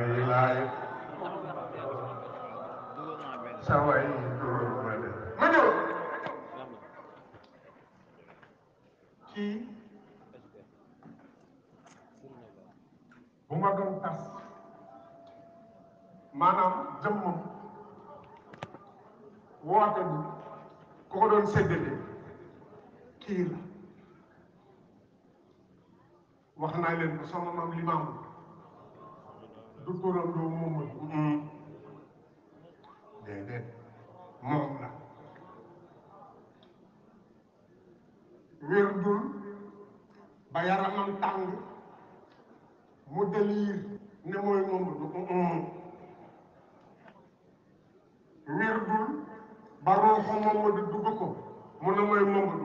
ilaay sa way dóor ma de ma ñëw kii bu ma gëm tas maanaam jëmmam woote bi doon séddale kii la wax naa leen ko sama maam Limaamu du turandoo moom mm. déedéet moom la wérdul ba yaramam tàng mu délire ne mooy moom du ko wérdul ba roxo moom du dugg ko mu ne mooy moom du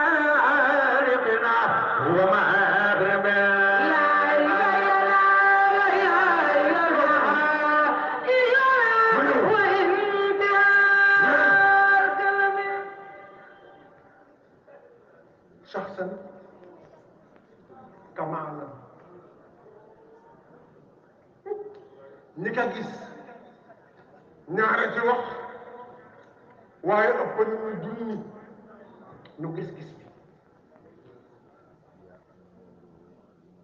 waaye ëpp nañu junni nu gis-gis bi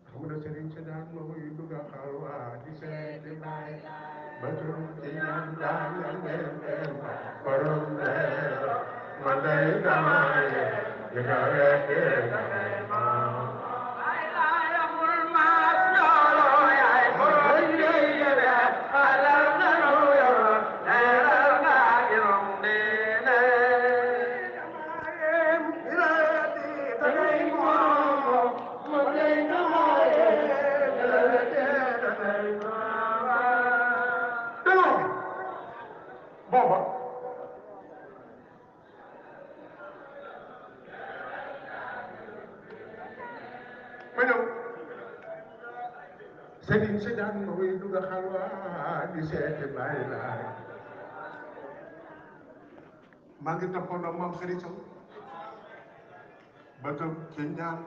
xam nga sëriñ sa daan a xaar waa di seeti baay ba tur ci ñaan daan la ngeen borom leer day iseete bàyyi laay ba tëb ci ñaam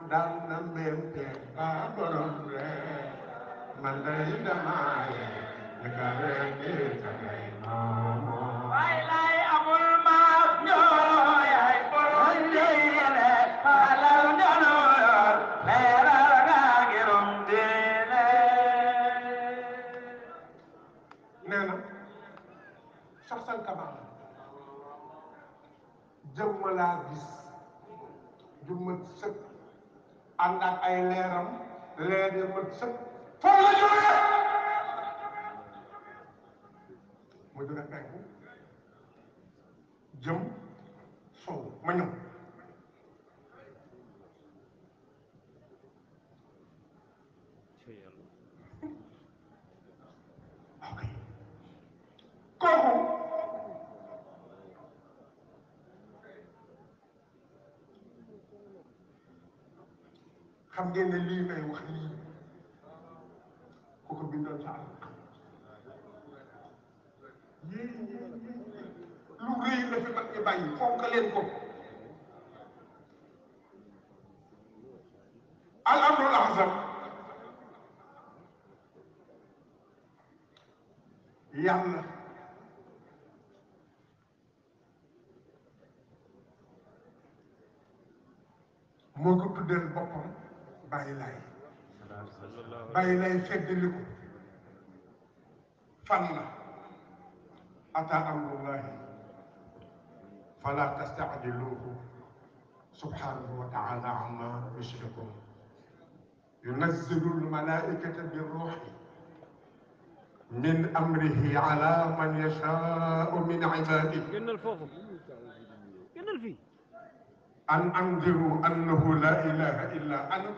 na mbéyante baa borom ree man day damaay ne ka ree ne ka ree nee na saxsan kabaar jëmma laa gis ju mët sëkk ànd ak ay leeram leer ya mët sëkk foofu la jógee mu ma ñëw ngeen lii may wax nii ku ko bindoon sa àll yii lu rëy la fi mag ñi bàyyi fonk leen ko al amrul ahzam yàlla moo ko tuddeel boppam فلا تستعجلوه سبحانه وتعالى عما يشركون ينزل الملائكة بالروح من أمره على من يشاء من عباده إن الفضل أن أنذروا أنه لا إله إلا أنت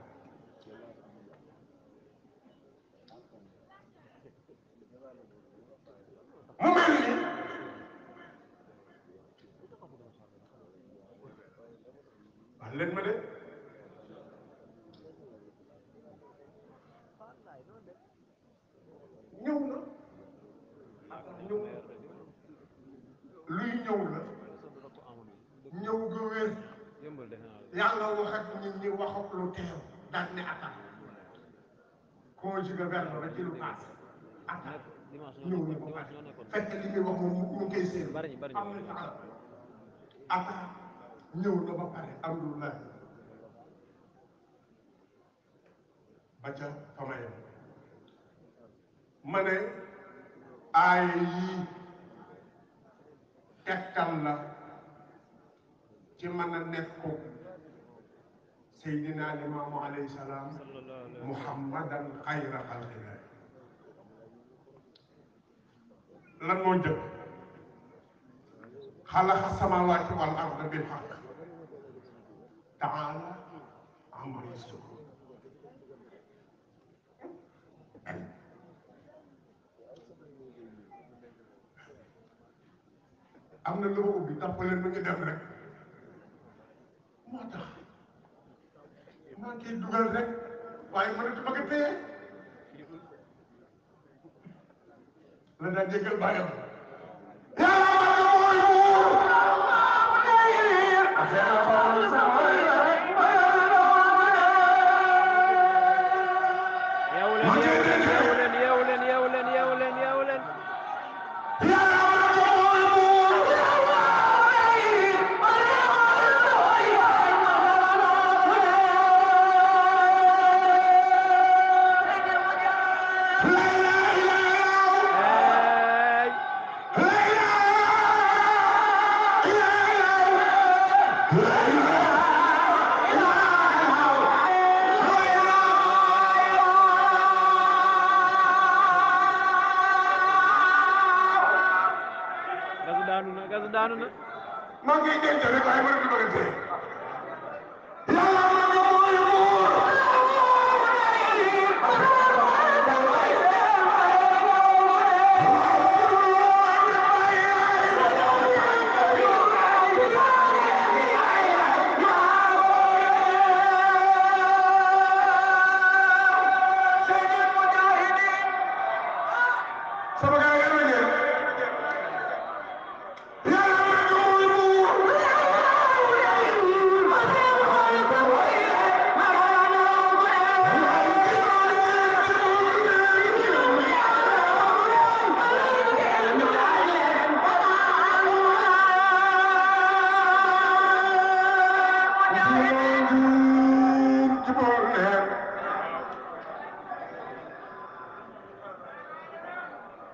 leen ma de ñëw na ñëw luy ñëw la ñëw ga wér yàlla wax ak nit ñi wax ak lu teew daal ne attaque conjugué verbe ba ci lu paase attaque ñëw na ba pare fekk li muy wax moom mu ngi koy séen am na attaque ñëw na ba pare alhamdulilah ba ca famaya ma ne aaya la ci mën a nekku seydina limaamu alayhi salaam muhammadan xayra xalqillah lan moo njëkk xalaqa samaawaati wal arda bil تعالى عما يصفون am na lu ma ubbi tàppaleen ma ngi dem rek moo tax maa ngi dugal rek waaye mënatu ma ko téye la daa déggal bàyyam yaa Yeah. gas daanu na maa ngi denc rek ay mën a dugalante yàlla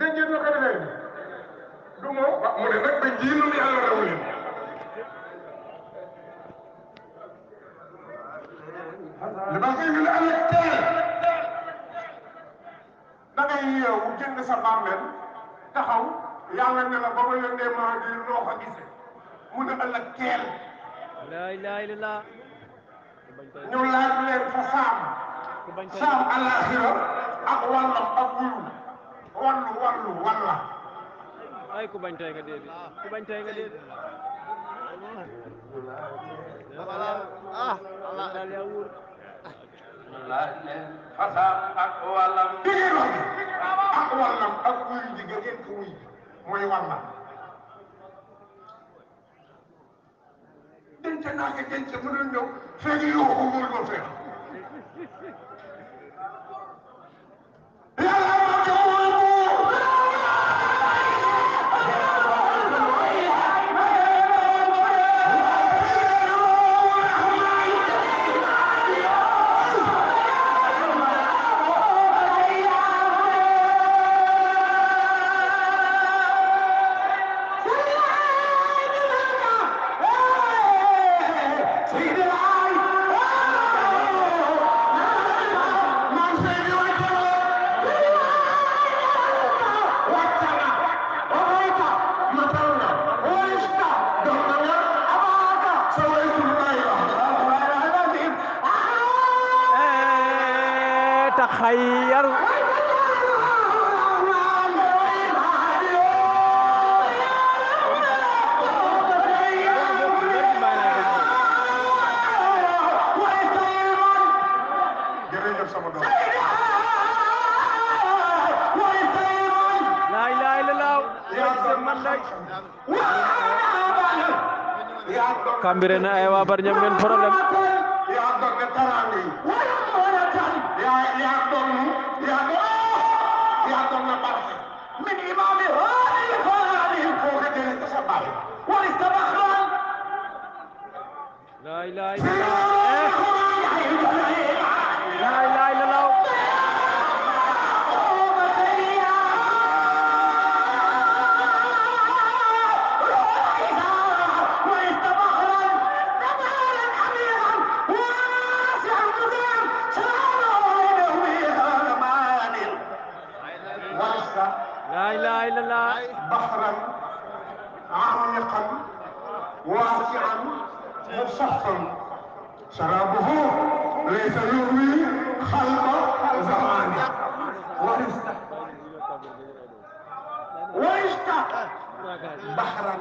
dañ jënd ko defee du moom mu ne nag ba jiinum yàlla raw leen li ma fi ñu am ak teel da ngay yeewu jënd sa bàmmeel taxaw yàlla ne la ba ma yónnee maa di loo ko gisee mu ne ëllëg teel la ilaha illallah ñu laaj leen fa saam saam alaxira ak wàllam ak wuyu wallu wallu walla ay ku bañ tey nga dee ku bañ tey nga dee ah, yaa wóor fasaa ak wallam digee loolu ak wallam ak wuy digga geen ko wuy walla denc naa ko denc mu doon Cambérène ay waa Bargny am ngeen problème la ilaha لا اله الا الله بحرا عميقا واسعا مصفا شرابه ليس يروي خلق زمانه ورزقه بحرا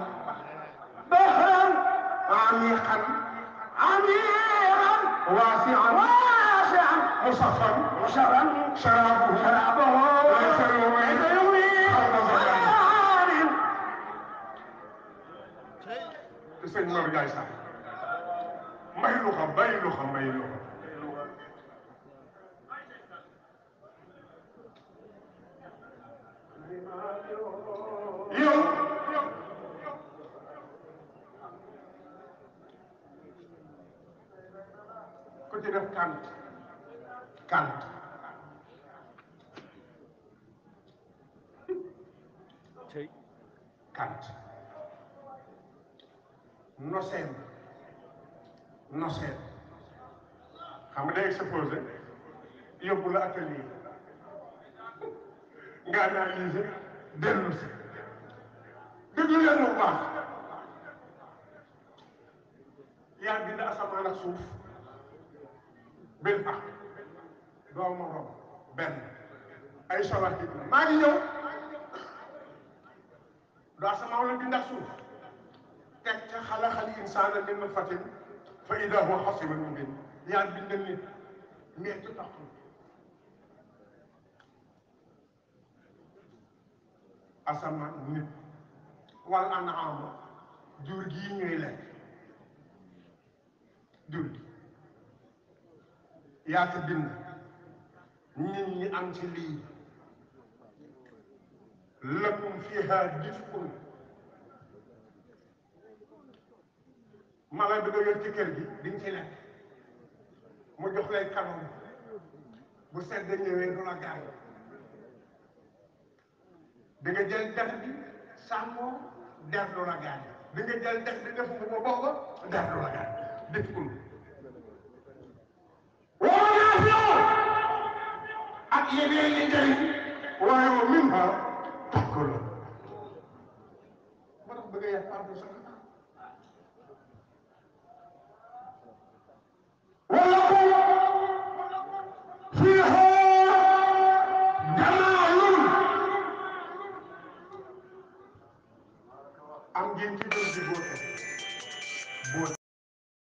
بحرا عميقا عميقا واسعا واسعا مصفا شرابه شرابه ku def kant kant kant noseen noseen xam nga day exposé la atelier nga analyser dellu si déglu leen bu baax yaa bind asamaan ak suuf bil ak doo morom benn ay solar di maa ngi ñëw du asamaaw la bindax suuf teg ca xalaxal insaana min nutfatin fa idaa huwa xasiimun mubiin yaa bind nit ñeenti waxtu asamaan nit wal an'aam jur gi ñuy lekk jur gi yaa ci bind nit ñi am ci lii lakum fiha difkun mala bi nga yor ci kër gi diñ ci lekk mu jox lay kanoon bu sedd ñëwee du la gaañ da nga jël dex bi sàmmoo der du la gaañ da nga jël dex bi def bu booba der du la gaañ difkun